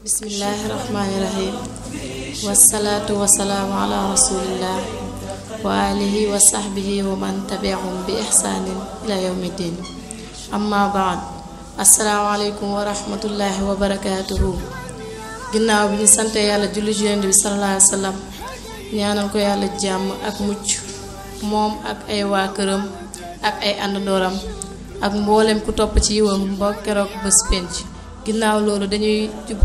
bismillaahi rahmaani rahiim wassalaatu wassalaamu ala rasulillah wa alihi wa sahbihi wa man tabiahum bi ihsaanin ila yawmi din amma assalaamu aleykum wa rahmatullahi wa barakaatuhu ginnaaw bi ñu sante yàlla julli ci bi sallallahu alayhi wa sallam ñaanal ko yàlla jàmm ak mucc moom ak ay waa këram ak ay àndandooram ak mboolem ku topp ci yiwam ba keroog bés penc ginnaaw loolu dañuy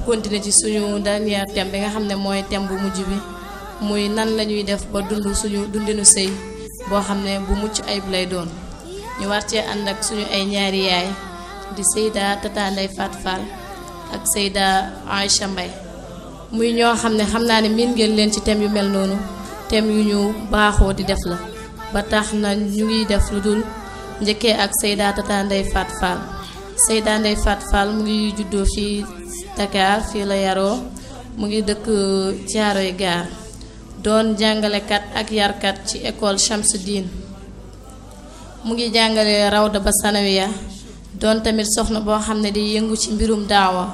continuer ci suñu dernier thème bi nga xam ne mooy thème bu mujj bi muy nan lañuy def ba dund suñu dundinu sëy boo xam ne bu mucc ayib lay doon ñu war cee ànd ak suñu ay ñaari yaay di Seyda Tata Ndeye Fat Fall ak Seyda Aïcha Mbaye muy ñoo xam ne xam naa ne miin ngeen leen ci thème yu mel noonu thème yu ñu baaxoo di def la ba tax na ñu ngi def lu dul njëkkee ak Seyda Tata Ndeye Fat Fall seydan day Fat Fall mu ngi juddo fi Dakar fi la yaro mu ngi dëkk gar don jangale kat ak kat ci école shamsuddin mu ngi jangale rawda ba sanawiya doon tamit soxna bo xamne di yëngu ci mbirum dawa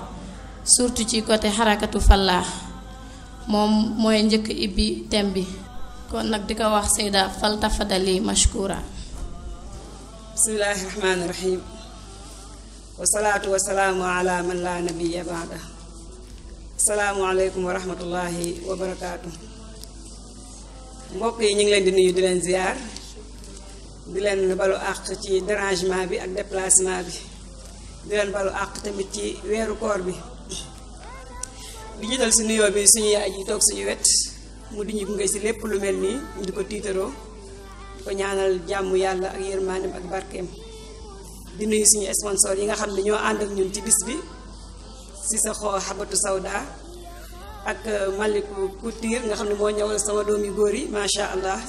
surtout ci côté xarakatu fallah mom moy ñeuk ibi tembi kon nak diko wax Seyda fal tafadali mashkura bismillahirrahmanirrahim wasalaatu wasalaamu ala man laa nabiya baada asalaamu aleykum wa rahmatullahi mbokk yi ñu ngi leen di nuyu di leen ziar di leen balu àq ci dérangement bi ak déplacement bi di leen balu àq tamit ci weeru koor bi di jiital si nuyoo bi suñu yaay ji toog suñu wet mu di ñu gunge si lépp lu mel nii ñu di ko tiitaroo ko ñaanal jàmm yàlla ak yërmaandeem ak barkeem di nuyu suñu sponsor yi nga xam ne ñoo ànd ak ñun ci bis bi si sa xoo xabatu sawda ak euh, maliku couture nga xam ne moo ñëwal sama doomi góor yi macha allah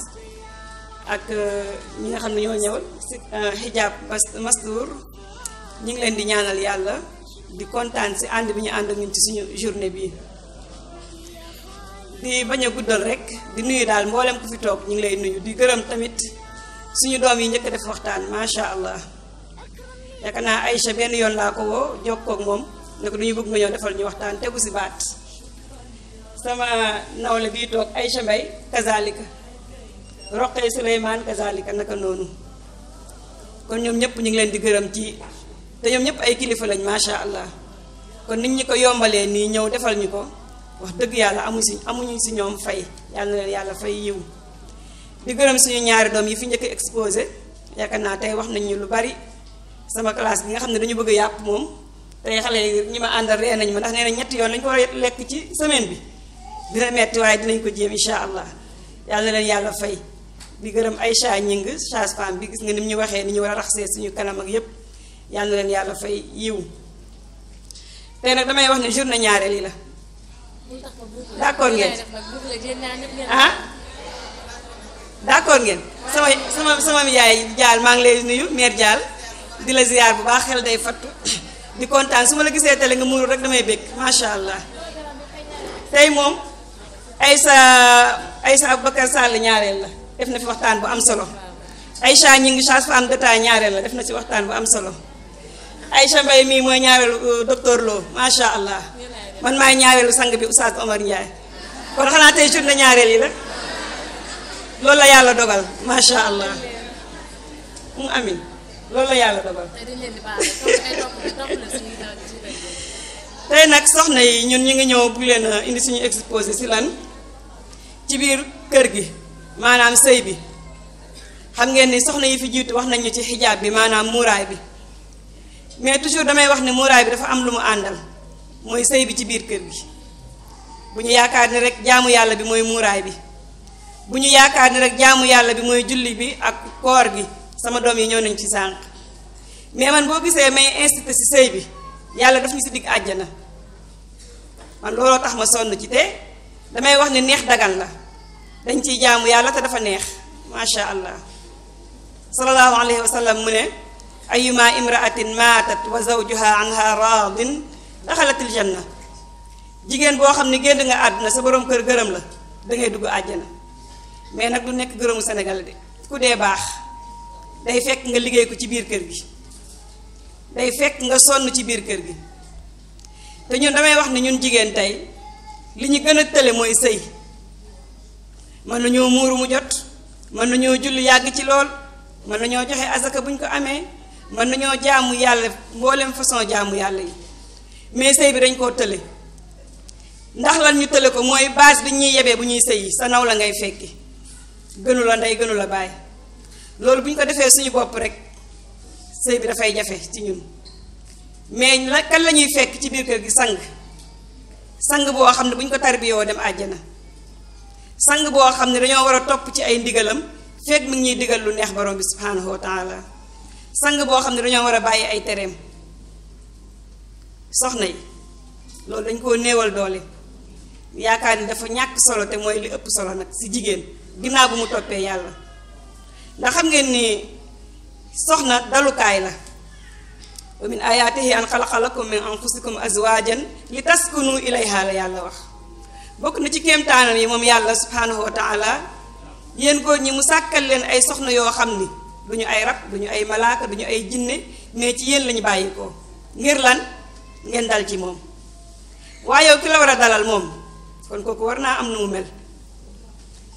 ak euh, ñi nga xam ne ñoo ñëwal si euh, hijab mastour ñi ngi leen di ñaanal yàlla di kontaan si ànd bi ñu ànd ak ñun ci suñu journée bi di bañ a guddal rek di nuyu daal mboolem ku fi toog ñu ngi lay nuyu di gërëm tamit suñu doom yi njëkk def waxtaan macha allah yaakaar naa Aïcha benn yoon laa ko woo jokkoo ak moom ne ko du ñu bëgg nga ñëw defal ñu waxtaan tegu si baat sama nawle bii toog Aïcha Mbaye kazalika Roqee Souleymane kazalika naka noonu kon ñoom ñëpp ñu ngi leen di gërëm ci te ñoom ñëpp ay kilifa lañ macha allah kon nit ñi ko yombalee nii ñëw defal ñu ko wax dëgg yàlla amu si amuñu si ñoom fay yàlla na leen yàlla fay yiw di gërëm suñu ñaari doom yi fi njëkk exposé yaakaar naa tey wax nañ ñu lu bari. sama kelas bi nga xamne dañu bëgg yap mom moom xalé xale ñi ma àndal ree nañ ma ndax néna na ñetti yoon lañ ko war a ci semaine bi dina metti waaye dinañ ko jëm incha allah yàlla na leen yalla fay di gërëm Aïcha Ñing sage-femme bi gis nga nim ñu waxé ni ñu wara a suñu kanam ak yépp yalla na leen yalla fay yiw tay nak damay wax ne journée ñaareel li la d'accord ngeen ah d'accord ngeen sama sama sama yaay jaal ma ngi lay nuyu mère jaal di la ziar bu baax xel day fattu di kontaan su ma la gisee télé nga muur rek damay bëgg macha allah tey moom Aïssa Aïssa Aboubacar Sall ñaareel la def na fi waxtaan bu am solo Aïcha ñi ngi chance fa am def na ci waxtaan bu am solo Aïcha Mbaye mii mooy ñaareelu euh, docteur Lo macha allah man maay ñaareelu sang bi Oustaz Omar Ndiaye kon xanaa tey journée ñaareel yi la loolu la yàlla dogal macha allah mu amin loolu la yàlla dogal. tey nag soxna yi ñun ñu ngi ñëw bu leen indi suñu exposé si lan ci biir kër gi maanaam sëy bi xam ngeen ni soxna yi fi jiitu wax nañu ci xijaab bi maanaam muuraay bi mais toujours damay wax ne muuraay bi dafa am lu mu àndal mooy sëy bi ci biir kër gi bu ñu yaakaar ni rek jaamu yàlla bi mooy muuraay bi bu ñu yaakaar ni rek jaamu yàlla bi mooy julli bi ak koor gi sama doom yi ñëw nañ ci sànq mais man boo gisee may incité si sëy bi yàlla daf ñu si digg àjjana man looloo tax ma sonn ci te damay wax ni neex dagan la dañ ciy jaamu yàlla te dafa neex macha allah sallallahu alayhi wa sallam mu ne ayuma imraatin maatat wa zawjuha anha raadin daxalatil janna jigéen boo xam ne génn nga àdduna sa borom kër gërëm la da dugg àjjana mais nag du nekk gërëmu senegal de ku dee baax day fekk nga liggéey ko ci biir kër gi day fekk nga sonn ci biir kër gi te ñun damay wax ne ñun jigéen tey li ñu gën a tële mooy sëy mën nañoo muuru mu jot mën nañoo julli yàgg ci lool mën nañoo joxe asaka buñ ko amee mën nañoo jaamu yàlla mboolem façon jaamu yàlla yi mais sëy bi dañ koo tële ndax la ñu tële ko mooy base bi ñuy yebee bu ñuy sëy sa naw la ngay fekki gënu la ndey gënu la bàyyi lol buñ ko defé suñu bop rek sey bi fay jafe ci ñun meñ la kan lañuy fekk ci bir kër gi sang sang bo xamne buñ ko tarbiyo dem aljana sang bo xamne dañoo wara top ci ay ndigalam fekk mu ngi digal lu neex borom bi subhanahu wa taala sang bo xamne dañoo wara bayyi ay terem soxna yi loolu dañ ko neewal doole yaakaar ni dafa ñak solo te moy li ëpp solo nak ci jigen ginaabu mu toppee yalla ndax xam ngeen ni soxna dalukaay la wa min ayaatihi an xalaqa lakum min anfusikum azwaajan li taskunu ilayha la yàlla wax bokk na ci kéemtaanam yi moom yàlla subhaanahu wa taala yéen góor ñi mu sàkkal leen ay soxna yoo xam ni du ñu ay rab du ñu ay malaaka du ñu ay jinne mais ci yéen lañu bàyyi ko ngir lan ngeen dal ci moom waaye yow ki la war a dalal moom kon kooku war naa am nu mu mel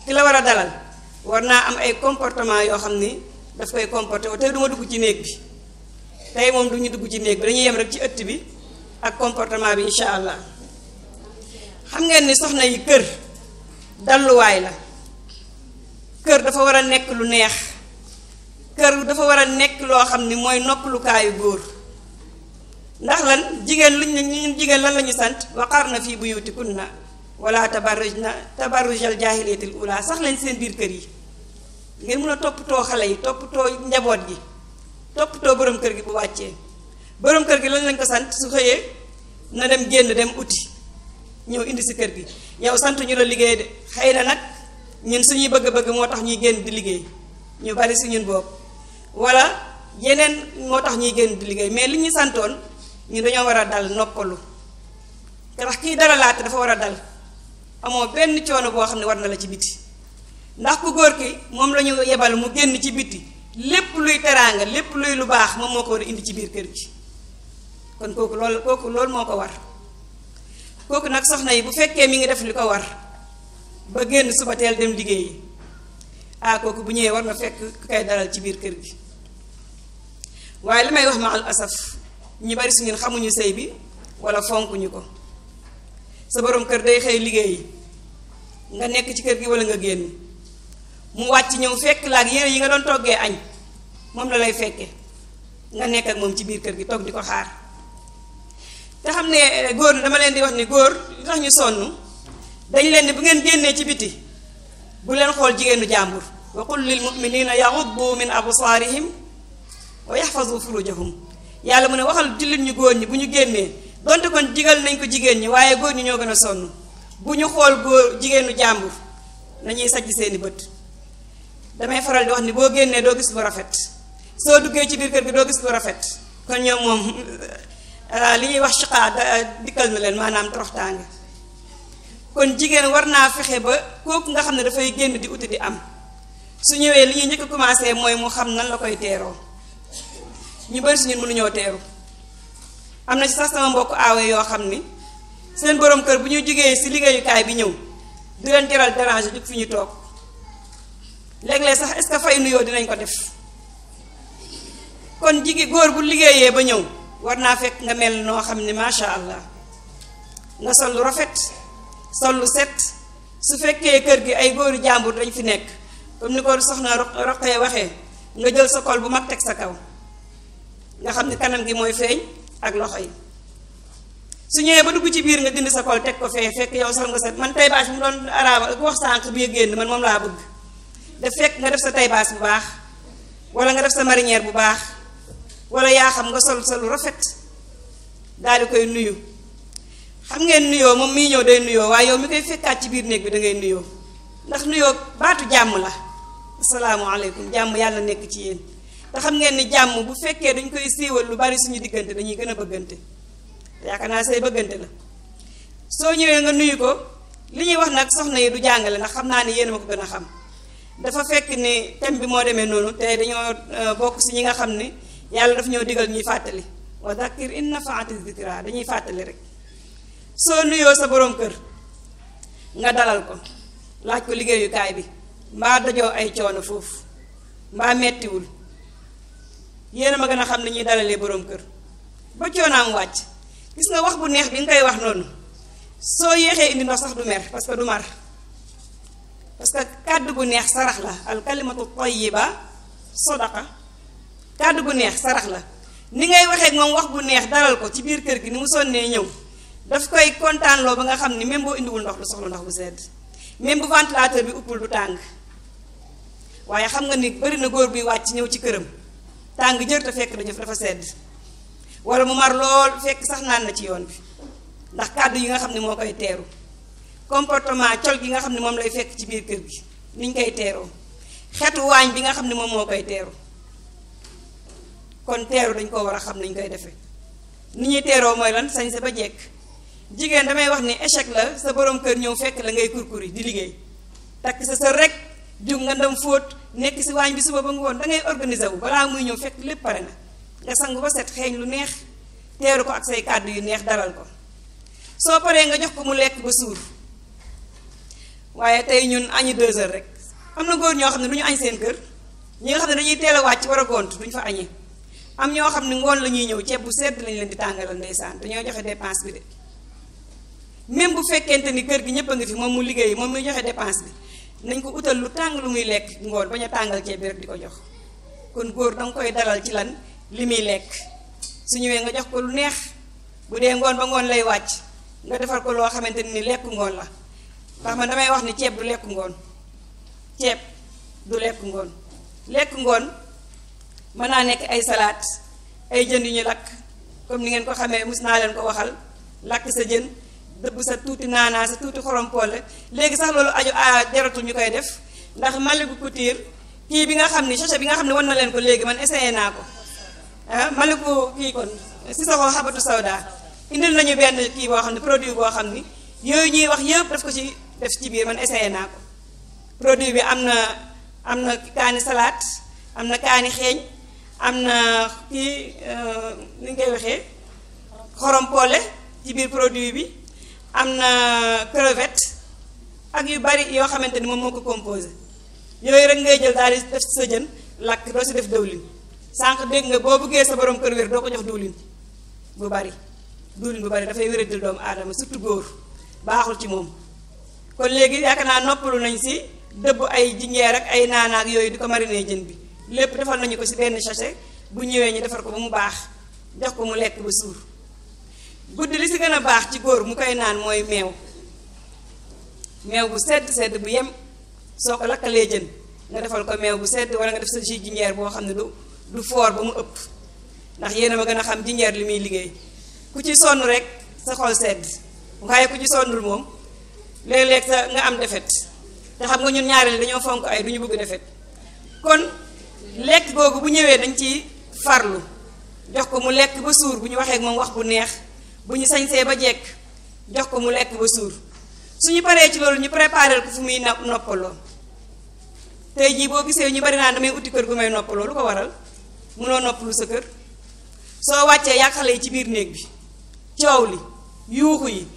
ki la war a dalal war naa am ay comportement yoo xam ni daf koy comporté wu tey du ma dugg ci néeg bi tey moom du ñu dugg ci néeg bi dañuy yem rek ci ëtt bi ak comportement bi incha allah xam ngeen ni soxna yi kër dalluwaay la kër dafa war a nekk lu neex kër dafa war a nekk loo xam ni mooy noppalukaayu góor ndax lan jigéen luñ ñun jigéen lan la ñu sant na fii na buyutikunna wala tabarrujna tabarrujal jaahiliyatil ula sax leen seen biir kër yi ngir mun a toppatoo xale yi toppatoo njaboot gi toppatoo borom kër gi bu wàccee borom kër gi lan lañ ko sant su xëyee na dem génn dem uti ñëw indi si kër gi yow sant ñu la liggéey de xëy na nag ñun suñuy bëgg-bëgg moo tax ñuy génn di liggéey ñu bari si ñun boobu wala yeneen moo tax ñuy génn di liggéey mais li ñu santoon ñun dañoo war a dal noppalu te ndax kii dalalaate dafa war a dal amoo benn coono boo xam ne war na la ci biti ndax ku góor ki moom lañu yebal mu génn ci bitti lépp luy teraanga lépp luy lu baax moom moo ko war indi ci biir kër gi kon kooku lool kooku lool moo ko war kooku nag na yi bu fekkee mi ngi def li ko war ba génn suba teel dem liggéey ah kooku bu ñëwee war na fekk ku koy dalal ci biir kër gi waaye li may wax ma al ñu bari su ngi xamuñu sëy bi wala fonkuñu ko sa boroom kër day xëy liggéeyi nga nekk ci kër gi wala nga génn. mu wàcc ñëw fekk la ak yére yi nga doon toggee añ moom la lay fekke nga nekk ak moom ci biir kër gi toog di ko xaar te xam ne eh, góor dama leen di wax ni góor li tax ñu sonn dañ leen ni bu ngeen génnee ci biti bu leen xool jigéenu jàmbur wa qul lil muminina yaxuddu min absaarihim wa yaxfazu furujahum yàlla mu ne waxal jullit ñu góor ñi bu ñu génnee donte kon digal nañ ko jigéen ñi waaye góor ñi ñoo gën a sonn bu ñu xool góor jigéenu jàmbur nañuy sajj seeni bët damay faral di wax ni boo génnee doo gis bu rafet soo duggee ci biir kër gi doo gis bu rafet kon ñoom moom euh, euh, li ñuy wax chiqaa euh, dikkal na leen maanaam toroxtaange kon jigéen war naa fexe ba kooku nga xam ne dafay génn di uti di am su ñëwee li ñuy njëkk a mooy mu xam nan la koy teeroo ñu bari si ñun mënuñoo teeru am na ci sax sama mbokk aawee yoo xam ni seen borom kër bu ñu jógee si liggéeyukaay bi ñëw du leen teral déranger jug fi ñu toog léeg-léeg sax est-ce que fay nuyoo dinañ ko def kon jigéen góor bu liggéeyee ba ñëw war naa fekk nga mel noo xam ne macha allah nga sol lu rafet sol lu set su fekkee kër gi ay góoru jàmbur dañ fi nekk comme ni ko soxna roqee waxee nga jël sa kol bu mag teg sa kaw nga xam ne kanam gi mooy feeñ ak loxo yi su ñëwee ba dugg ci biir nga dindi sa kol teg ko fee fekk yow sol nga set man tey baaj mu doon araaba ku wax sànq bii génn man moom laa bëgg da fekk nga def sa tay bu baax wala nga def sa marinière bu baax wala yaa xam nga sol sa rafet daal di koy nuyu xam ngeen nuyoo moom miy ñëw day nuyoo waaye yow mi koy fekkaat ci biir néeg bi da ngay nuyoo ndax nuyoo baatu jàmm la asalaamaaleykum jàmm yàlla nekk ci yéen te xam ngeen ni jàmm bu fekkee dañ koy siiwal lu bari suñu diggante dañuy gën a bëggante naa say bëggante la soo ñëwee nga nuyu ko li ñuy wax nag soxna yi du jàngale ndax xam naa yéen ma xam dafa fekk ne thème bi moo demee noonu te dañoo euh, bokk si ñi nga xam ne yàlla daf ñoo digal ñuy fàttali wa dakir in nafaati zikra dañuy fàttali rek soo nuyoo sa boroom kër nga dalal ko laaj ko liggéeyukaay bi mbaa dajoo ay coono foofu mbaa mettiwul yéena ma gën a xam ne ñuy dalalee borom kër ba coonaam wàcc gis nga wax bu neex bi nga koy wax noonu soo yéexee indi ndox sax du mer parce que du mar parce que kàddu gu neex sarax la al kalimatu tayyiba sadaqa kàddu bu neex sarax la ni ngay waxee moom wax bu neex dalal ko ci biir kër gi ni mu sonnee ñëw daf koy kontaanloo ba nga xam ni même boo indiwul ndox du soxla ndox bu sedd même bu ventilateur bi uppul du tàng waaye xam nga ni bari na góor buy wàcc ñëw ci këram tàng jër te fekk na jëf dafa sedd wala mu mar lool fekk sax naan na ci yoon bi ndax kàddu yi nga xam ne moo koy teeru comportement col gi nga xam ne moom lay fekk ci biir kër gi niñ koy teeroo xetu waañ bi nga xam ne moom moo koy teeru kon teeru dañ koo war a xam nañ koy defee ni ñuy teeroo mooy lan sañse ba jekk jigéen damay wax ni échec la sa borom kër ñëw fekk la ngay kurkuri di liggéey takk sa sër rek jug nga ndam fóot nekk si waañ bi suba ba ngoon da ngay organiser wu balaa muy ñëw fekk lépp pare na nga sangu ba set xeeñ lu neex teeru ko ak say kàddu yu neex dalal ko soo paree nga jox ko mu lekk ba suur waaye tey ñun añu deux heures rek am na góor ñoo xam ne du ñu añ seen kër ñi nga xam ne dañuy teel a wàcc war a gont duñ fa añee am ñoo xam ne ngoon la ñuy ñëw ceeb bu sedd lañ leen di tàngalal ndeysaan dañoo joxe dépense bi de même bu fekkente ni kër gi ñëpp a ngi fi moom mu liggéey moom muy joxe dépense bi nañ ko utal lu tàng lu muy lekk ngoon bañ a tàngal ceeb bi rek di ko jox kon góor danga koy dalal ci lan li muy lekk su ñëwee nga jox ko lu neex bu dee ngoon ba ngoon lay wàcc nga defar ko loo xamante ni lekku ngoon la ndax man damay wax ni ceeb du lekk ngoon ceeb du lekk ngoon lekk ngoon mën naa nekk ay salaat ay jënd ñu lakk comme ni ngeen ko xamee mus naa leen ko waxal lakk sa jën dëbb sa tuuti naanaa sa tuuti xorom léegi sax loolu aju a ah, jaratul ñu koy def ndax Malick Couture kii bi nga xam ni bi nga xam ne na leen ko léegi man essayé naa ko ah kii kon si sa xabatu sawda indil nañu benn kii boo xam ne produit boo xam ni yooyu ñuy wax yëpp daf ko ci def ci biir man essayé naa ko produit bi am na am na kaani salaat am na kaani xeeñ am na kii ni euh, nga koy waxee xorom poole ci biir produit bi am na crevette ak yu bari yoo xamante ni moom moo ko composé yooyu rek ngay jël daal di def ci sa jën lakk doo si def dawlin sànq dégg nga boo bëggee sa borom kër wér doo ko jox diwlin bu bari diwlin bu bari dafay wéradil doomu aadama surtout góor baaxul ci moom kon léegi yaakaar naa noppalu nañ si dëbb ay jinjeer ak ay naanaak yooyu di ko mariner jën bi lépp defal nañu ko si benn sachet bu ñëwee ñu defar ko ba mu baax jox ko mu lekk ba suur guddi li si gën a baax ci góor mu koy naan mooy meew meew bu sedd sedd bu yem soo ko lakkalee jën nga defal ko meew bu sedd wala nga def sa jus jinjeer boo xam ne du du foor ba mu ëpp ndax yéena ma gën a xam jinjeer li muy liggéey ku ci sonn rek sa xol sedd waaye ku ci moom léeg-léeg sa nga am defet te xam nga ñun ñaari dañu fonk ay duñu bëgg defet kon lek gogu bu ñëwé dañ ci farlu jox ko mu lek ba sour buñu ñu ak mom wax bu neex buñu sañsé ba jekk jox ko mu lek ba sour suñu paré ci lolu ñu préparer ko fu muy noppaloo tay ji bo gisé ñu bari damay uti kër gu may lu ko waral mënoo noppalu sa kër so wàccee yàq ci bir neeg bi ciowli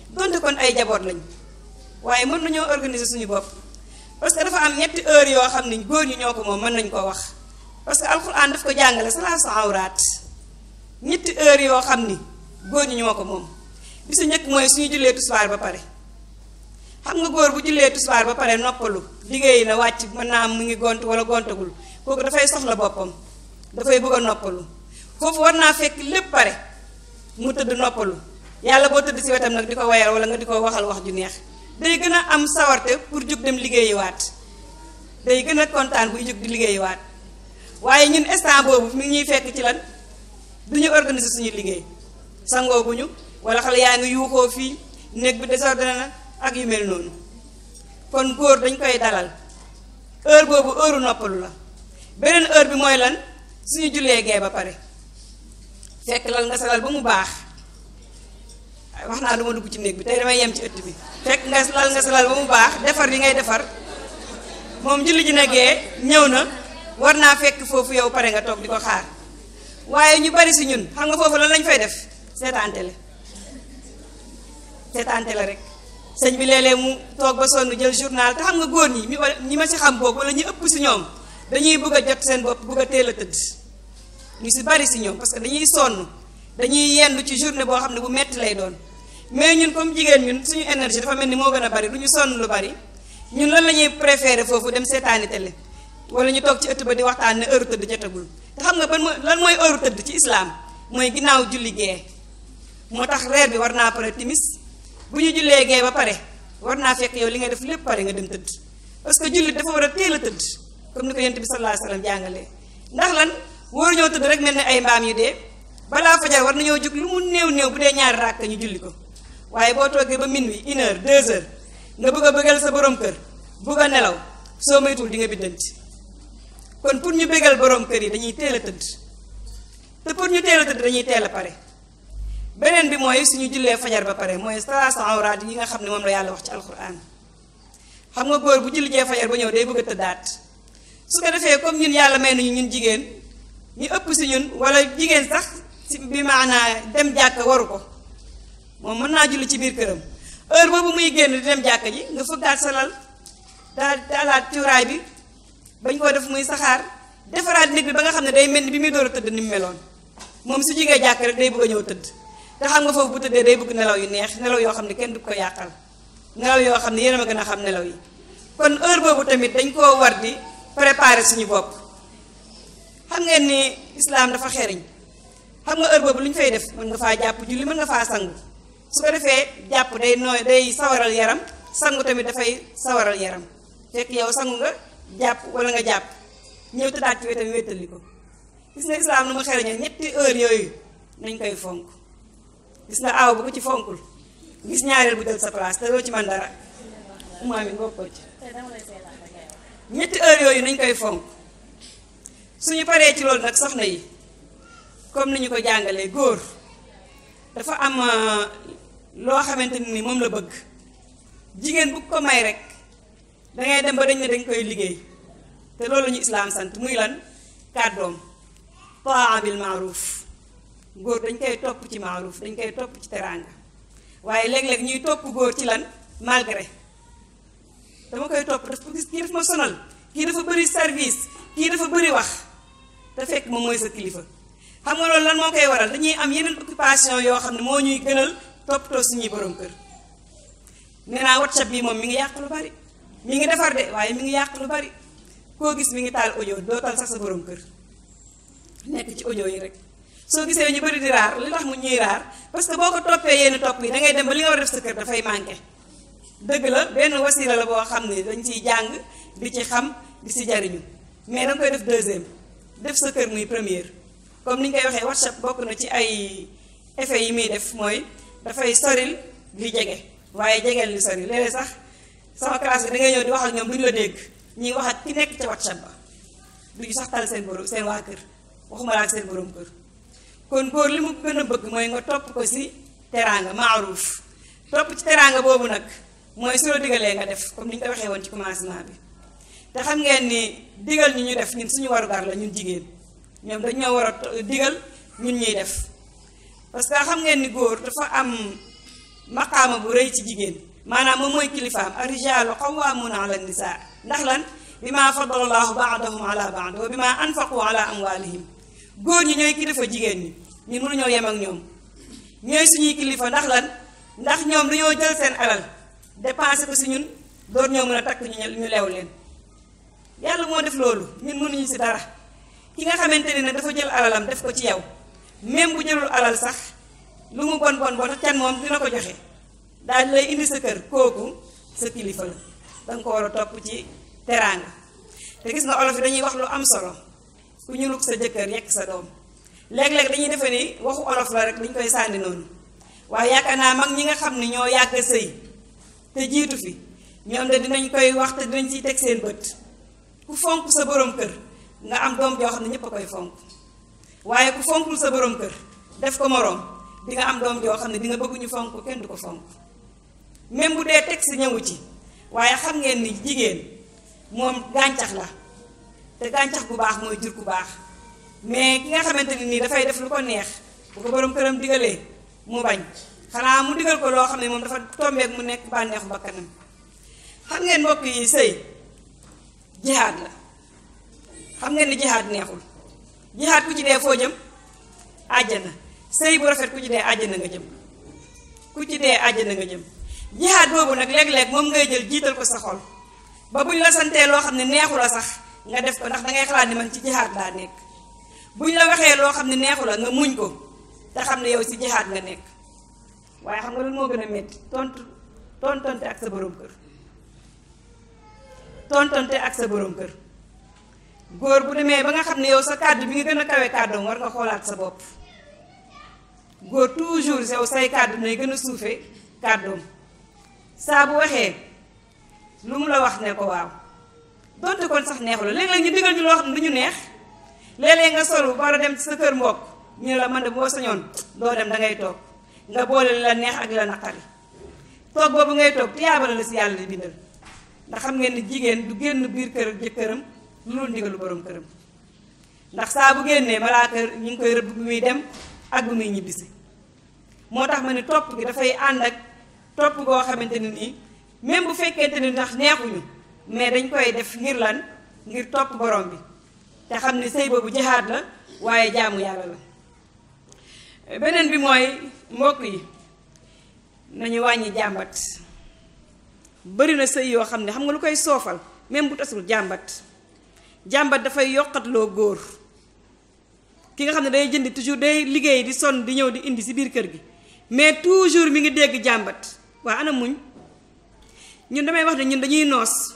donte kon ay jabor lañu waaye mën na nañoo organiser suñu bopp parce que dafa am ñetti heure yoo xam ne góor ñi ñoo ko moom mën nañ koo wax parce que alxuraan daf ko jàngale sa salaasu awraat ñetti heure yoo xam ni góor ñi ñoo ko moom bi su njëkk mooy suñu jullee tisbaar ba pare xam nga góor bu jullee tisbaar ba pare noppalu liggéey na wàcc mën naa am mu ngi gont wala gontagul kooku dafay soxla boppam dafay bëgg a noppalu foofu war naa fekk lépp pare mu tëdd noppalu yàlla boo tëdd si wetam nag di ko wayal wala nga di ko waxal wax ju neex day gën a am sawarte pour jóg dem liggéeyiwaat day gën a kontaan buy jóg di liggéeyiwaat waaye ñun instant boobu mi ngi ñuy fekk ci lan ñu organiser suñu liggéey sangooguñu wala xale yaa ngi yuuxoo fii néeg bi désordonné na ak yu mel noonu kon góor dañ koy dalal heure boobu heure noppalu la beneen heure bi mooy lan suñu jullee gee ba pare fekk lal nga salal ba mu baax wax naa duma dugg ci néeg bi tey damay yem ci ëtt bi fekk nga lal nga salal ba mu baax defar li ngay defar moom julli ji nagee ñëw na war naa fekk foofu yow pare nga toog di ko xaar waaye ñu bari si ñun xam nga foofu lan lañ fay def seetaan télé seetaan télé rek sëñ bi léeg-léeg mu toog ba sonn jël journal te nga góor ñi ñi ma si xam boog wala ñu ëpp si ñoom dañuy bëgg jot seen bopp bëgg teel a tëdd ñu si bari si ñoom parce que dañuy sonn dañuy yendu ci journée boo xam ne bu metti lay doon mais ñun comme jigen ñun suñu énergie dafa melni mo gëna bari duñu son lu bari ñun lan lañuy préférer fofu dem sétani télé wala ñu tok ci ëtt ba di waxtaan ne heure tëdd jotagul te xam nga ban lan moy heure tëdd ci islam moy ginaaw julli ge motax tax reer bi warna paré timis buñu jullé jullee ba paré warna naa fekk yow li nga def lépp paré nga dem tëdd parce que julli dafa wara a teel comme ni ko yent sallallahu alayhi wasallam jangalé ndax lan wóor ñoo tëdd rek melni ay mbam yu dé bala fajar war nañu juk lu mu neew neew bu dee ñaari ñu julli ko waaye boo toggee ba minuit une heure deux heures nga bëgg a bëggal sa borom kër bëgg a nelaw soo moytuwul di nga biddanti kon pour ñu bëggal borom kër yi dañuy teel a tëdd te pour ñu teel tëdd dañuy teel a pare beneen bi mooy suñu jullee fajar ba pare mooy saa sa awraat yi nga xam ne moom la yàlla wax ci alquran xam nga góor bu jullijee fajar ba ñëw day bëgg tëddaat su ko defee comme ñun yàlla may nañu ñun jigéen ñu ëpp si ñun walla jigéen sax si bi maanaa dem jàkk waru ko moom mën naa julli ci biir këram heure boobu muy génn di dem jàkka ji nga fëggaat sa lal daal daalaat cuuraay bi bañ koo def muy saxaar defaraat néeg bi ba nga xam ne day mel ni bi muy door a tëdd ni mu meloon moom su jógee jàkk rek day bëgg a ñëw tëdd te xam nga foofu bu tëddee day bëgg nelaw yu neex nelaw yoo xam ne kenn du ko yàqal nelaw yoo xam ne yéen a ma gën a xam nelaw yi kon heure boobu tamit dañ koo war di préparer suñu bopp xam ngeen ni islaam dafa xeriñ xam nga heure boobu lu ñu fay def mën nga faa jàpp julli mën nga faa sangu su ko defee jàpp day nooy day sawaral yaram sangu tamit dafay sawaral yaram fekk yow sangu nga jàpp wala nga jàpp ñëw tëddaat ci wetam wéttali ko gis nga islaam na mu xereñe ñetti heure yooyu nañ koy fonk gis nga aaw ci fonkul gis ñaareel bu sa place ci man dara ummaa ko ci heure yooyu nañ koy fonk suñu paree ci loolu nag na yi comme ni ñu ko jàngalee góor dafa am euh, loo xamante ni moom la bëgg jigéen bu ko may rek dangay dem ba dañ ne dañ koy liggéey te loolu ñu islaam sant muy lan kàddoom taa bil maaruf góor dañ koy topp ci maaruf dañ koy topp ci teraanga waaye léeg-léeg ñuy topp góor ci lan malgré dama koy topp parce que kii dafa ma sonal kii dafa bëri service kii dafa bëri wax te fekk moom mooy sa kilifa xam nga loolu lan moo koy waral dañuy am yeneen occupation yoo xam ne moo ñuy gënal toppatoo suñuy borom kër nee naa whatsapp bii moom mi ngi yàq lu bari mi ngi defar de waaye mi ngi yàq lu bari koo gis mi ngi taal audio doo tal sax sa borom kër nekk ci audio yi rek soo gisee ñu bëri di raar li tax mu ñuy raar parce que boo ko toppee yenn topp yi da ngay dem ba li nga war def sa kër dafay manqué dëgg la benn wasila la boo xam ne dañ ciy jàng di ci xam di si jariñu mais da nga koy def deuxième def sa kër muy première comme ni ñu koy waxee whatsapp bokk na ci ay effet yi muy def mooy dafay soril li jege waaye jegeel li soril léeg sax sama classe bi da ngay ñëw di wax ak ñoom ñu la dégg ñi wax ak ki nekk ci whatsapp ba duñu sax tal seen borom seen waa kër waxuma laa ak seen borom kër kon góor li mu gën a bëgg mooy nga topp ko si teranga maaruuf topp ci teranga boobu nag mooy su la digalee nga def comme ni ñu ko waxee woon ci commencement bi te xam ngeen ni digal ñu ñu def ñun suñu warugar la ñun jigéen ñom dañu wara digal ñun ñi def parce que xam ngeen ni goor dafa am maqama bu reey ci jigéen maanaam moy kilifa am arrijaalu qawwamuna ala nisa. ndax lan bima faddala allah baadahum ala ba'd wa bima anfaqu ala amwalihim goor ñi ñoy kilifa jigéen ñi ñun mënu ñoo yem ak ñom ñoy suñu kilifa ndax lan ndax ñom dañu jël seen alal dépenser ko ci ñun door ñoo mëna tak ñu lew leen yalla mo def lolu ñun ñu ci dara ki nga xamante ne dafa jël alalam def ko ci yow même bu jëlul alal sax lu mu bon bon boo tax can moom dina ko joxe daal lay indi sa kër kooku sa kilifa la danga ko war a topp ci teraanga te gis nga olof yi dañuy wax lu am solo ku ñu lug sa jëkkër yekk sa doom léeg-léeg dañuy defe ni waxu olof la rek dañ koy sànni noonu waaye yaakaar naa mag ñi nga xam ne ñoo yàgg a sëy te jiitu fi ñoom ne dinañ koy wax te dinañ ciy teg seen bët ku fonk sa borom kër nga am doom joo xam ne ñëpp a koy fonk waaye ku fonkul sa boroom kër def ko moroom di am doom joo xam ne di nga bëgg ñu fonk kenn du ko fonk même bu dee teg si ñëwu ci waaye xam ngeen ni jigéen moom gàncax la te gàncax bu baax mooy jur bu baax mais ki nga xamante ne nii dafay def lu ko neex bu ko borom këram digalee mu bañ xanaa mu digal ko loo xam ne moom dafa tombeek mu nekk bànneexu bakkanam xam ngeen mbokk yi sëy jihaad la xam ngeen ni jihaad neexul jihaad ku ci dee foo jëm àjjana sëy bu rafet ku ci dee àjjana nga jëm ku ci dee àjjana nga jëm jihaad boobu nag léeg-léeg moom ngay jël jiital ko sa xol ba buñ la santee loo xam ne neexu la sax nga def ko ndax dangay xalaat ne man ci jihaad laa nekk buñ la waxee loo xam ne neexu la nga muñ ko te xam ne yow si jihaad nga nekk waaye xam nga lan moo gën a métti tontu tontonte ak sa borom kër tontonte ak sa borom kër góor bu demee ba nga xam ne yow sa kàddu bi nga gën a kawe kàddoom war nga xoolaat sa bopp góor toujours yow say kàddu nay gën a suufe kàddoom saa bu waxee lu mu la wax ne ko waaw donte kon sax neexul léeg-léeg ñu digal ñu loo xam ne du ñu neex léeg nga solu war a dem ci sa kër mbokk ñu ne la man de boo sañoon doo dem dangay toog nga boole la neex ak la naqari toog boobu ngay toog tiyaabale la si yàlla di bindal ndax xam ngeen ni jigéen du génn biir kër jëkkëram lu dul ndigalu borom këram ndax saa bu génnee malaaka ñu ngi koy rëbb bu muy dem ak bu muy ñibbisi moo tax ma ni topp gi dafay ànd ak topp goo xamante ne nii même bu fekkente ni ndax neexuñu mais dañ koy def ngir lan ngir topp borom bi te xam ne sëy boobu jihaad la waaye jaamu yàlla la beneen bi mooy mbokk yi nañu wàññi jàmbat bari na sëy yoo xam ne xam nga lu koy soofal même bu tasul jàmbat jàmbat dafay yokkatloo góor ki nga xam ne day jënd toujours day liggéey di sonn di ñëw di indi si biir kër gi mais toujours mi ngi dégg jàmbat waa ana muñ ñun damay wax ne ñun dañuy noos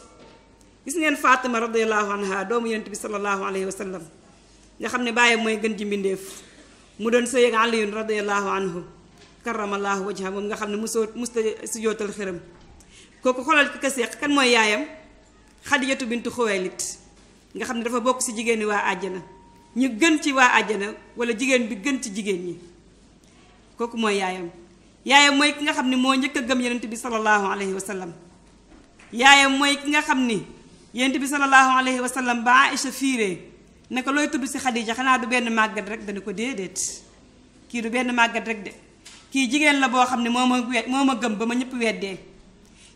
gis ngeen Fatima radiyallahu anha doomu yonent bi sallallahu alayhi wa sallam nga xam ne bàyyi mooy gën ji mbindeef mu doon sëy ak Aliyun radiyallahu anhu karamallahu wajha nga xam ne musoo musta si jootal xërëm kooku xoolal ki ka seeq kan mooy yaayam Xadijatu bintu Xuwaylid nga xamne dafa bokk si jigéen wa aljana ñu gën ci wa aljana wala jigen bi gën ci jigen ñi koku moy yaayam yaayam moy ki nga xamne mo ñëk gëm yenenbi bi sallallahu alayhi wa sallam yaayam moy ki nga xamne yenenbi bi sallallahu alayhi wa sallam ba aisha fiire naka loy tuddu ci khadija xana du ben màggat rek dañ ko dedet ki du ben màggat rek de ki jigen la bo xamne moma moma gëm ba ñëpp weddee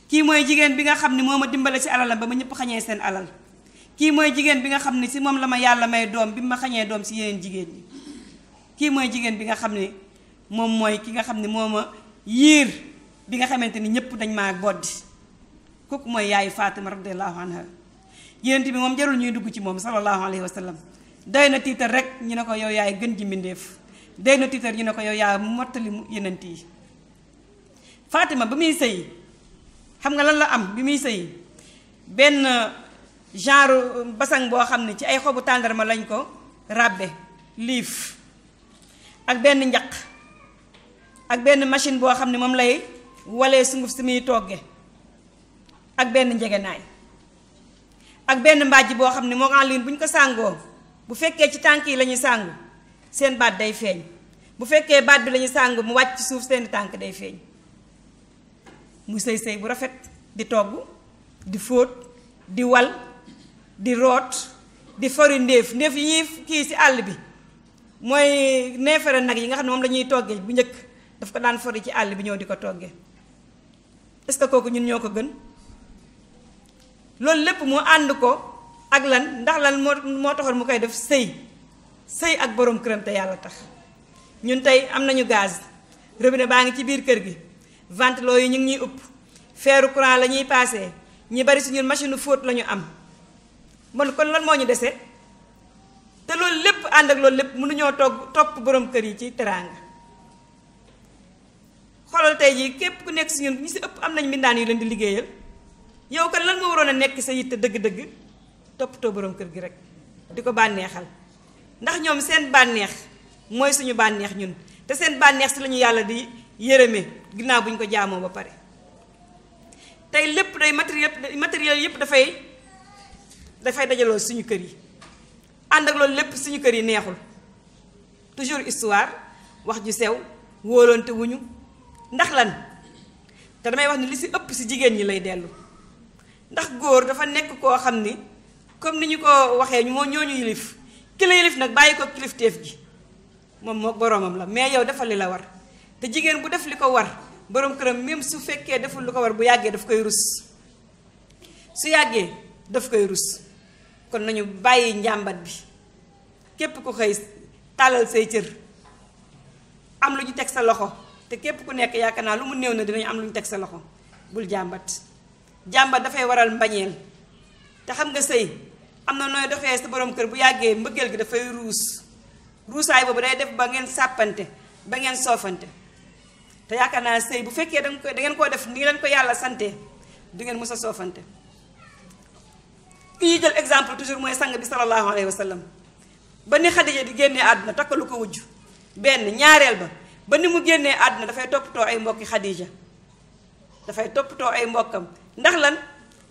ki moy jigen bi nga xamne moma dimbalé ci alalam ba ñëpp xañee sen alal kii mooy jigéen bi nga xam ne si moom la ma yàlla may doom bi ma xañee doom si yeneen jigéen ñi kii mooy jigéen bi nga xam ne moom mooy ki nga xam ne moo ma yiir bi nga xamante ni ñëpp dañ maa boddi kooku mooy yaayu Fatima radiallahu anha yénent bi moom jarul ñuy dugg ci moom sallallahu alayhi na tiitar rek ñu ne ko yow yaay gën ji mbindéef doy na tiitar ñu ne ko yow yaa mottali yenent yi Fatima ba muy sëy xam nga lan la am bi muy sëy benn genre basang boo xam ne ci ay xobu tàndarma lañ ko ràbbe liif ak benn njaq ak benn machine boo xam ne moom lay walee sunguf si muy togge ak benn njegenaay ak benn mbàjj boo xam ne moo en ligne bu ñu ko sàngoo bu fekkee ci tànk yi lañuy sàngu seen baat day feeñ bu fekkee baat bi lañuy ñuy sàngu mu wàcc ci suuf seen tànk day feeñ mu sëy sëy bu rafet di togg di fóot di wal di root di fori ndéef ndéef yi ñuy kii si àll bi mooy neefere nag yi nga xam ne moom la toggee bu njëkk daf ko daan fori ci àll bi ñëw di ko toggee est-ce kooku ñun ñoo ko gën loolu lépp mu ànd ko ak lan ndax lan moo moo taxoon mu koy def sëy sëy ak borom këramte te yàlla tax ñun tey am nañu gaz robinet baa ngi ci biir kër gi ventilo yi ñu ngi ñuy upp feeru courant la ñuy paase ñi bari si ñun machine fóot la ñu am man kon lan moñu déssé té lool lépp and ak lool lépp mënu ñoo tok top borom kër yi ci terang xolal tay ji képp ku nekk ci ñun ñi ci ëpp am nañ mindaan yu leen di liggéeyal yow kan lan nga warona nekk sa yitte dëgg-dëgg to borom kër gi rek diko banéxal ndax ñoom seen banéx moy suñu banéx ñun té seen banéx ci lañu yalla di yërëme ginnaaw buñ ko jaamo ba paré tay lepp day matériel matériel da fay dafay dajaloo suñu kër yi ànd ak loolu lépp suñu kër yi neexul toujours histoire wax ju sew wóolante ndax lan te damay wax ni li si ëpp si jigéen ñi lay dellu ndax góor dafa nekk koo xam ni comme ni ñu ko waxee moo ñooñu yilif ki la yilif nag bàyyi ko kilifteef gi moom moo boromam la mais yow defal li la war te jigéen bu def li ko war borom këram même su fekkee deful lu ko war bu yàggee daf koy rus su yàggee daf koy rus kon nañu bayyi njambat bi kep ku xey talal sey cieur am luñu tek sa loxo te kep ku nek yakana lu mu néew na dinañ am luñu tek sa loxo bul jambat da fay waral mbañeel te xam nga sey am noy nooy doxee sa borom keur bu yagge mbeugel gi fay rous rousay bobu day def ba ngeen sapante ba ngeen sofante te yakana sey bu fekke da ngeen ko def ni lañ ko yalla sante du ngeen musa sofante ki ñuy jël exemple toujours mooy sang bi sallallahu alayhi wa sallam ba ni Xadija di génnee àdduna takkalu ko wujj benn ñaareel ba ba ni mu génnee àdduna dafay toppatoo ay mbokki Xadija dafay toppatoo ay mbokkam ndax lan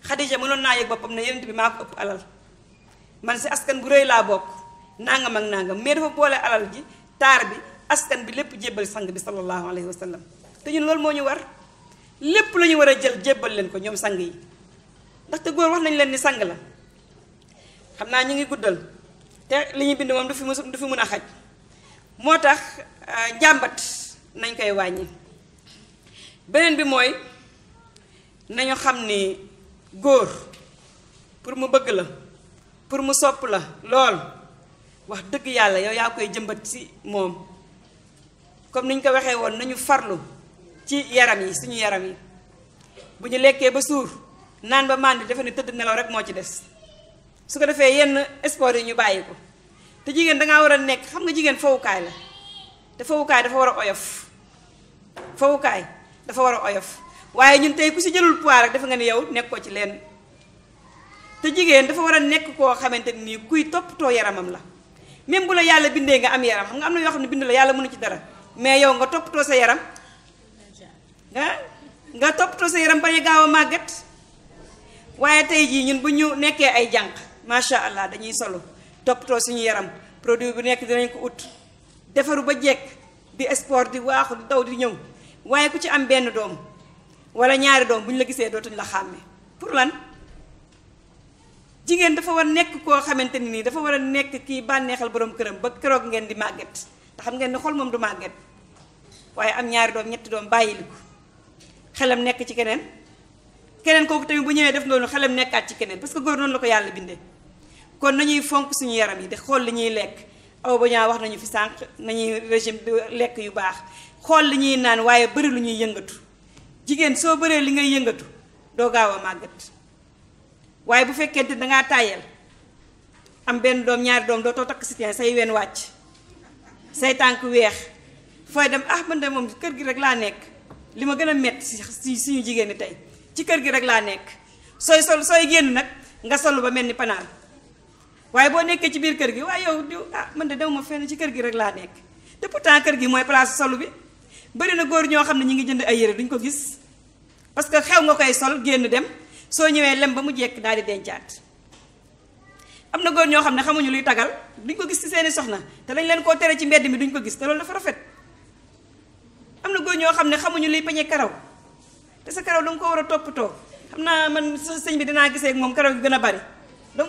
Xadija mënoon naa yëg boppam ne yenent bi maa ko ëpp alal man si askan bu rëy laa bokk nangam ak nangam mais dafa boole alal ji taar bi askan bi lépp jébbal sang bi sallallahu alayhi wa te ñun loolu moo ñu war lépp lu ñu war a jël jébbal leen ko ñoom sang yi ndaxte góor nañ leen ni sang la xam naa ñu ngi guddal te li ñuy bind moom du fi mës du fi mun a xaj moo tax euh, njàmbat nañ koy wàññi beneen bi mooy nañu xam ni góor pour mu bëgg la pour mu sopp la lool wax dëgg yàlla yow yaa koy jëmbat ci moom comme ni ñu ko waxee woon nañu farlu ci yaram yi suñu yaram yi bu ñu lekkee ba suur naan ba màndi defe ne tëdd nelaw rek moo ci des su ko defee yenn sport yi ñu bàyyi ko te jigéen dangaa war a nekk xam nga jigéen fowukaay la te fowukaay dafa war a oyof fowukaay dafa war a oyof waaye ñun tey ku si jëlul poids rek dafa nga ni yow ko ci leen te jigéen dafa war a nekk koo xamante ni kuy toppatoo yaramam la même bu la yàlla bindee nga am yaram xam nga am na yoo xam ne bind la yàlla mënu ci dara mais yow nga toppatoo sa yaram nga nga toppatoo sa yaram bañ a gaaw a màggat waaye tey jii ñun bu ñu nekkee ay jànq macha allah dañuy solo toppatoo suñu yaram produit bu nekk dinañ ko ut defaru ba jekk di sport di waaxu di daw di ñëw waaye ku ci am benn doom wala ñaari doom bu ñu la gisee dootuñ la xàmme pour lan jigéen dafa war nekk koo xamante ni nii dafa war a nekk kii bànneexal borom këram ba keroog ngeen di màgget te xam ngeen ne xol moom du màgget waaye am ñaari doom ñetti doom bàyyili ko xelam nekk ci keneen keneen kooku tamit bu ñëwee def loolu xelam nekkaat ci keneen parce que góor noonu la ko yàlla bindee. kon nañuy fonk suñu yaram yi di xol li ñuy lekk aw baña wax nañu fi sank nañuy régime lek yu bax xol li ñuy naan waaye bëri lu ñuy yëngatu jigen so bëree li ngay yëngatu do gawa magat waye bu bu da nga tayel am benn doom ñaari doom dootoo takk sitien say wen wacc say tank wex foy dem ah man de moom kër gi rek la nek lima gëna met ci suñu jigen ni tay ci kër gi rek la nek soy sol soy genn nak nga sol ba melni ni waye bo nekk ci bir kër gi waye yow diw ah man de dawuma ma fenn ci kër gi rek la nekk te pourtant kër gi moy place solo bi bari na goor ño xam ñi ngi jënd ay duñ ko gis parce que xew nga koy sol genn dem so ñëwee lem ba mu jekk daal di dencaat am na góor ñoo xamuñu luy tagal duñ ko gis ci seeni soxna te lañ leen ko téré ci mbéd mi duñ ko gis te loolu dafa rafet am na ño ñoo xamuñu luy peñe karaw te sa karaw danga ko wara a toppatoo man señ bi dina gisé ak mom karaw gi gëna bari donc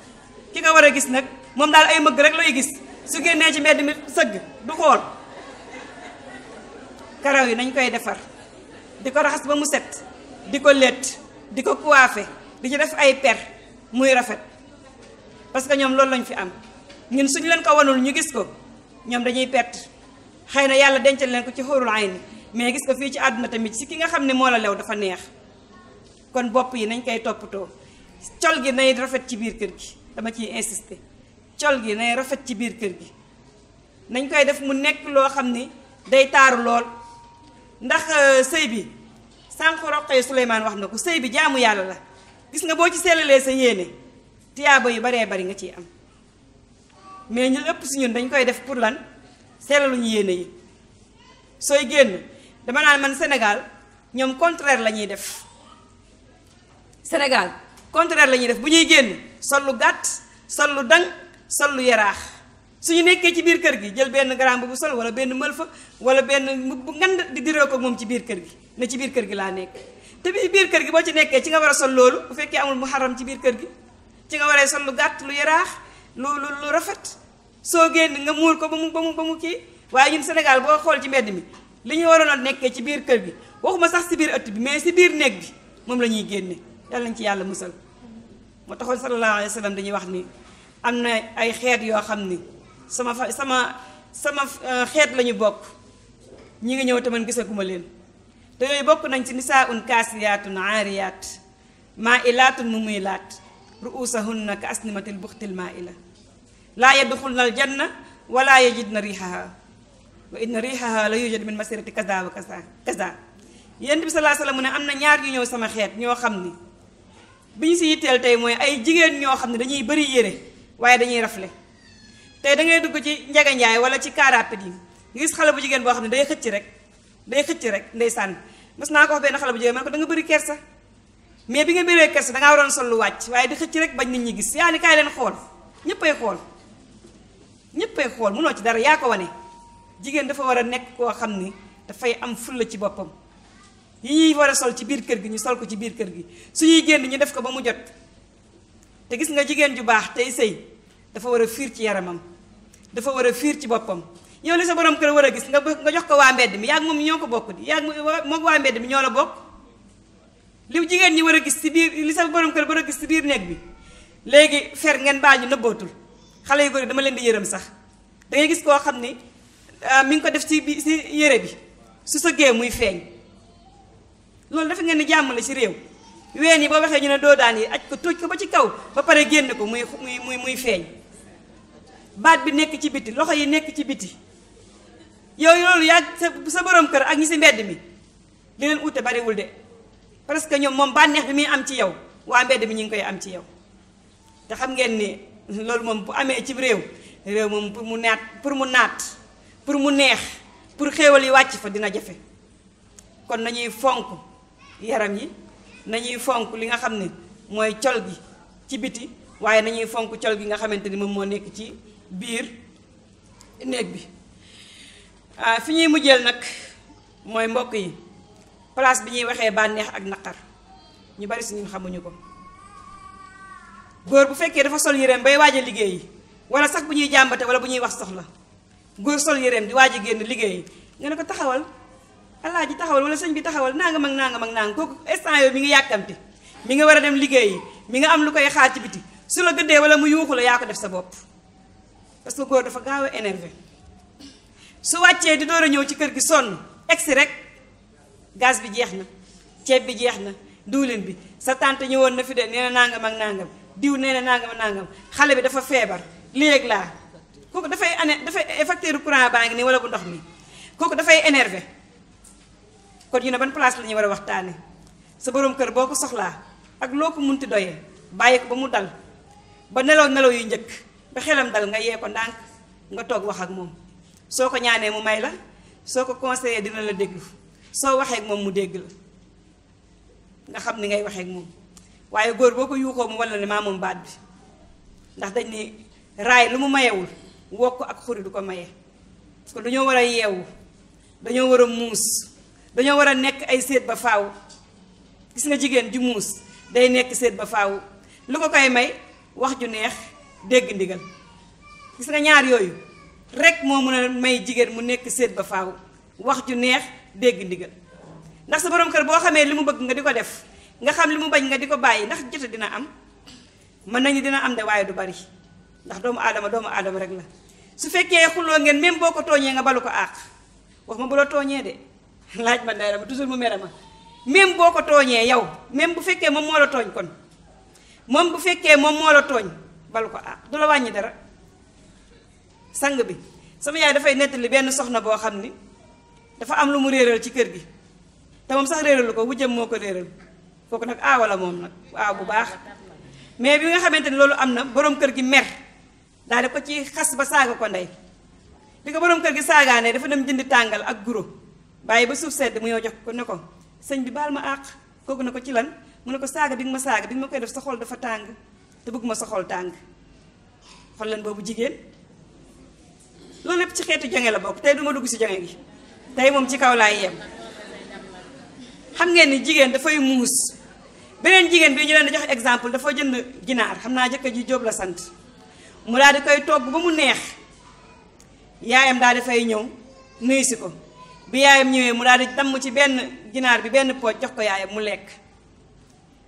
ki nga war a gis nag moom daal ay mëgg rek lay gis su génnee ci mbedd mi sëgg du xool karaw yi nañ koy defar di ko raxas ba mu set di ko létt di ko coiffé di ci def ay per muy rafet parce que ñoom loolu lañ fi am ñun suñu leen ko wanul ñu gis ko ñoom dañuy perte xëy na yàlla dencal leen ko ci xóorul ay ni mais gis ko fii ci àdduna tamit si ki nga xam ne moo la lew dafa neex kon bopp yi nañ koy toppatoo col gi nay rafet ci biir kër gi dama ci insister ciol gi nay rafet ci bir kër gi nañ koy def mu nekk lo xamni day taru lol ndax euh, sey bi sanko roqay Souleymane wax nako ko bi jaamu yalla la gis nga bo ci sellalee sa yene tiyaba yu bare bare nga ci am mais ñu ëpp si ñun dañ koy def pour lan ñu yene yi soy genn dama naan man Sénégal ñom contraire la def Sénégal contraire la def bu ñuy genn sol lu gàtt sol lu dang sol lu yaraax suñu nekkee ci biir kër gi jël benn grand bu sol wala benn mëlfa wala benn mbubb bu ngand di diroo ko moom ci biir kër gi ne ci biir kër gi laa nekk te bi biir kër gi boo ci nekkee ci nga war a sol loolu bu fekkee amul muharram ci biir kër gi ci nga war waree sol lu gàtt lu yaraax lu lu rafet soo génn nga muur ko ba mu ba mu ba mu kii waaye ñun Sénégal boo xool ci mbedd mi li ñu waroon a nekkee ci biir kër gi waxuma sax si biir ëtt bi mais si biir néeg bi moom la ñuy génne yàlla nañ ci yàlla musal moo taxoon sallallahu alayhi wa sallam dañuy wax ni am na ay xeet yoo xam ni sama fa sama sama xeet la ñu bokk ñi ngi ñëw te man gisaguma leen te yooyu bokk nañ ci nisaa un kaasiyaatun aariyaat maa ilaatun mu muy laat ruusahunna ka asnimatil buxtil maa ila laa yadxulna al janna wala yajidna riixaha wa inna riixaha la yujad min masirati kaza wa kaza kaza yént bi salaa sallam mu ne am na ñaar yu ñëw sama xeet ñoo xam ni bi ñu si yitteel tey mooy ay jigéen ñoo xam ne dañuy bëri yére waaye dañuy rafle tey da ngay dugg ci njaganjaay wala ci car rapide yi nga gis xale bu jigéen boo xam ne day xëcc rek day xëcc rek ndeysaan naa ko wax benn xale bu jigéen ma ne ko bëri kersa mais bi nga bëree kersa da ngaa waroon sol lu wàcc waaye di xëcc rek bañ nit ñi gis yaa ni kaay leen xool ñëppay xool ñëppay xool mënoo ci dara yaa ko wane jigéen dafa war a nekk koo xam ni dafay am fulla ci boppam yi wara sol ci biir kër gi ñu sol ko ci biir kër gi suñuy génn ñu def ko ba mu jot te gis nga jigéen ju baax tey sëy dafa war a fiir ci yaramam dafa war a fiir ci boppam yow li sa borom kër war a gis nga nga jox ko waa mbedd mi yaag moom ñoo ko bokk di yaag moog waa mbedd mi ñoo la bokk li jigéen ñi war a gis ci biir li sa borom kër war gis ci biir néeg bi léegi fer ngeen baa nëbbootul xale yu góor dama leen di yërëm sax da ngay gis koo xam ah, mi ngi ko def ci si yére bi su sëggee muy feeñ loolu dafa ngeen di jàmm la ci réew ween yi boo waxee ñu ne doo daan yi aj ko tóoj ko ba ci kaw ba pare génn ko muy muy muy feeñ baat bi nekk ci biti loxo yi nekk ci biti yow loolu yaa sa boroom kër ak ñi si mbedd mi li leen uute bariwul de parce que ñoom moom bànneex bi muy am ci yow waa mbedd mi ñu ngi koy am ci yow te xam ngeen ni loolu moom bu amee ci réew réew moom pour mu naat pour mu naat pour mu neex pour xéewal yi wàcc fa dina jafe kon nañuy fonk yaram yi nañuy fonk li nga xam moy mooy gi ci biti waye nañuy fonk negbi. gi nga xamanteni mom mo nek ci bir bi ah fiñuy mujjel nak, moy mbokk yi place biñuy waxe waxee ak nakar ñu bari suñu xamuñu ko goor bu fekke dafa sol bay waji a wala sax buñuy jambaté wala buñuy wax soxla goor sol yéreem di waji genn liggey liggéey ko taxawal alaaji taxawal wala sëñ bi taxawal nangam ak nangam ak nangam kooku instant yooyu mi ngi yàkkamti mi nga war a dem liggéey yi mi nga am lu koy xaar ci biti su la gëddee wala mu yuuxu la yaa ko def sa bopp parce que góor dafa gaaw a énervé su wàccee di door a ñëw ci kër gi sonn egsi rek gaz bi jeex na ceeb bi jeex na diwlin bi sa tante ñëwoon na fi de nee na nangam ak nangam diw nee na nangam ak nangam xale bi dafa feebar léeg laa kooku dafay ane dafay facteur courant baa ngi nii wala bu ndox mi kooku dafay énervé kon ñu ne ban place lañu wara waxtane a sa borom kër boko soxla ak loo ko munti doyee bàyyi ko ba mu dal ba nelaw nelaw yu ñëk ba xelam dal nga yé ko ndank nga tok wax ak mom soko ñaané mu may la soko conseiller dina la dégg so waxé ak mom mu dégg la nga xam ni ngay waxé ak mom waye boko ko mu wala ne maa baat bi ndax dañ ni ray lu mu mayewul wokk ak xuri du ko mayé dañu wara nek ay seet ba faaw gis nga jigen ju mus day nek seet ba faaw lu ko koy may wax ju neex deg ndigal gis nga ñaar rek mo meuna mai may jigen mu nek seet ba faaw wax ju neex deg ndigal ndax sa borom kër bo xamee limu bëgg nga di def nga xam limu bañ nga di bayyi ndax jote dina am man nañu dina am de waye du bari ndax doomu adama doomu adama rek la su fekke xuloo ngeen même boko nga balu ko ak wax ma bu la de laaj ma dara ma toujours mu mere ma même boo ko tooñee yow même bu fekkee moom moo la tooñ kon moom bu fekkee moom moo la tooñ balu ko ah du la wàññi dara sang bi sama yaay dafay nettali benn soxna boo xam ni dafa am lu mu réeral ci kër gi te moom sax réeralu ko jëm moo ko réeral kooku nag aawa ah, la moom nag waaw bu baax mais bi nga xamante ni loolu am na boroom kër gi mer daal di ko ci xas ba saaga ko ndey bi ko borom kër gi saagaanee dafa dem jëndi tàngal ak guro bàyyi ba suuf sedd mu yow jox ko ne ko sëñ bi baal ma àq kooku ne ko ci lan mu ne ko saaga bi nga ma saaga bi nga ma koy def sa xol dafa tàng te bëgguma sa xol tàng xol leen boobu jigéen loolu yëpp ci xeetu jange la bokk tey duma dugg si jange gi tey moom ci kaw laay yem xam ngeen ni jigéen dafay muus beneen jigéen bi ñu leen di jox exemple dafa jënd ginaar xam naa jëkkër ji jóob la sant mu daal di koy togg ba mu neex yaayam daal dafay ñëw nuyu ko bi yaayam ñëwee mu daal tam damm ci benn ginaar bi benn pooj jox ko yaayam mu lekk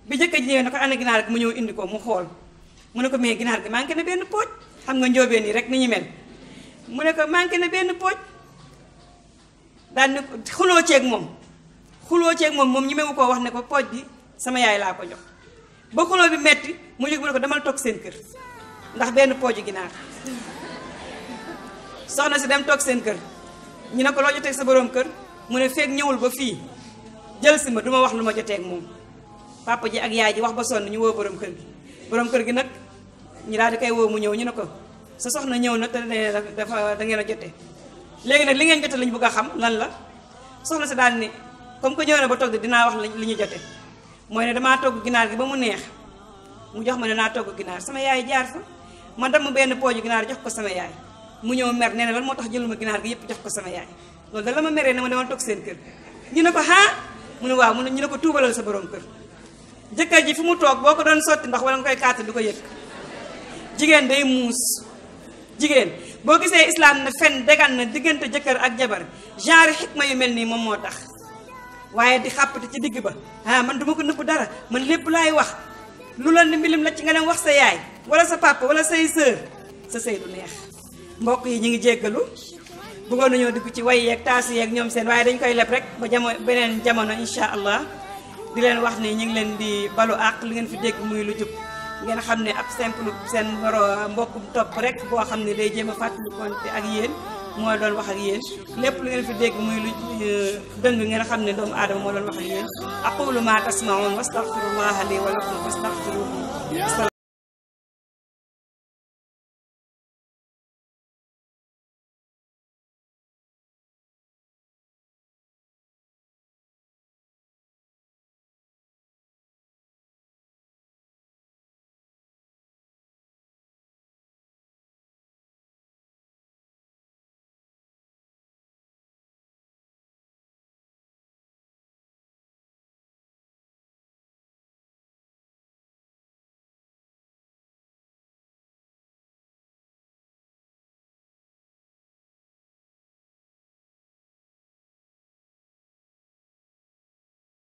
bi jëkkër ji ñëwee na ko ana ginaar gi mu ñëw indi ko mu xool mu ne ko mais ginaar gi manqué na benn pooj xam nga njóobeen yi rek ni ñu mel mu ne ko manqué na benn pooj daal ne ceeg moom xuloo ceeg moom moom ñu mewu wax ne ko pooj bi sama yaay laa ko jox ba xuloo bi metti mu jóg mu ne ko damal toog seen kër ndax benn pooju ginaar soxna si dem toog seen kër ñu ne ko loo jotee sa borom kër mu ne feeg ñëwul ba fii jël si ma du ma wax lu ma jotee ak moom papa ji ak yaay ji wax ba sonn ñu woo borom kër gi borom kër gi nag ñu daal di koy woo mu ñëw ñu ne ko sa soxna ñëw na te dafa da ngeen a jotee léegi nag li ngeen jote lañ bëgg a xam lan la soxna si daan ni comme que ñëw na ba togg dinaa wax li ñu jote mooy ne damaa togg ginaar gi ba mu neex mu jox ma ne naa togg ginaar sama yaay jaar fa ma damm benn pooju ginaar jox ko sama yaay mu ñew mer neena lan motax jël luma ginaar gi yépp jox ko sama yaay lool da la ma méré na ma dama tok seen kër ñu ne ko ha mu ne waaw mu ne ñu ne ko tuubalal sa borom kër jëkkër ji fi mu toog boo ko doon sotti ndax wala nga koy kaatal du ko yëg jigéen day muus jigéen boo gisee islam na fen degan na diggante jëkkër ak jabar genre xikma yu mel nii moom moo tax waaye di xàppati ci digg ba ah man duma ko nëbb dara man lépp laay wax lu la ni mbilim la ci nga dem wax sa yaay wala sa papa wala say sœur sa sëy du neex mbokk yi ñu ngi jéggalu bëggoon nañoo dugg ci way yeeg taas yeek ñoom seen waaye dañ koy leb rek ba jamono beneen jamono incha allah di leen wax ni ñu ngi leen di balu àq li ngeen fi dégg muy lu jub ngeen xam ne ab simple seen moro mbokkum topp rek boo xam ne day jéem a fàttali konte ak yéen moo doon wax ak yéen lépp lu ngeen fi dégg muy lu euh, dëng ngeen xam ne doomu aadama moo doon wax ak yéen aqulu ma tasmaun wastaghfirullaha li wa lakum wastaghfiruhu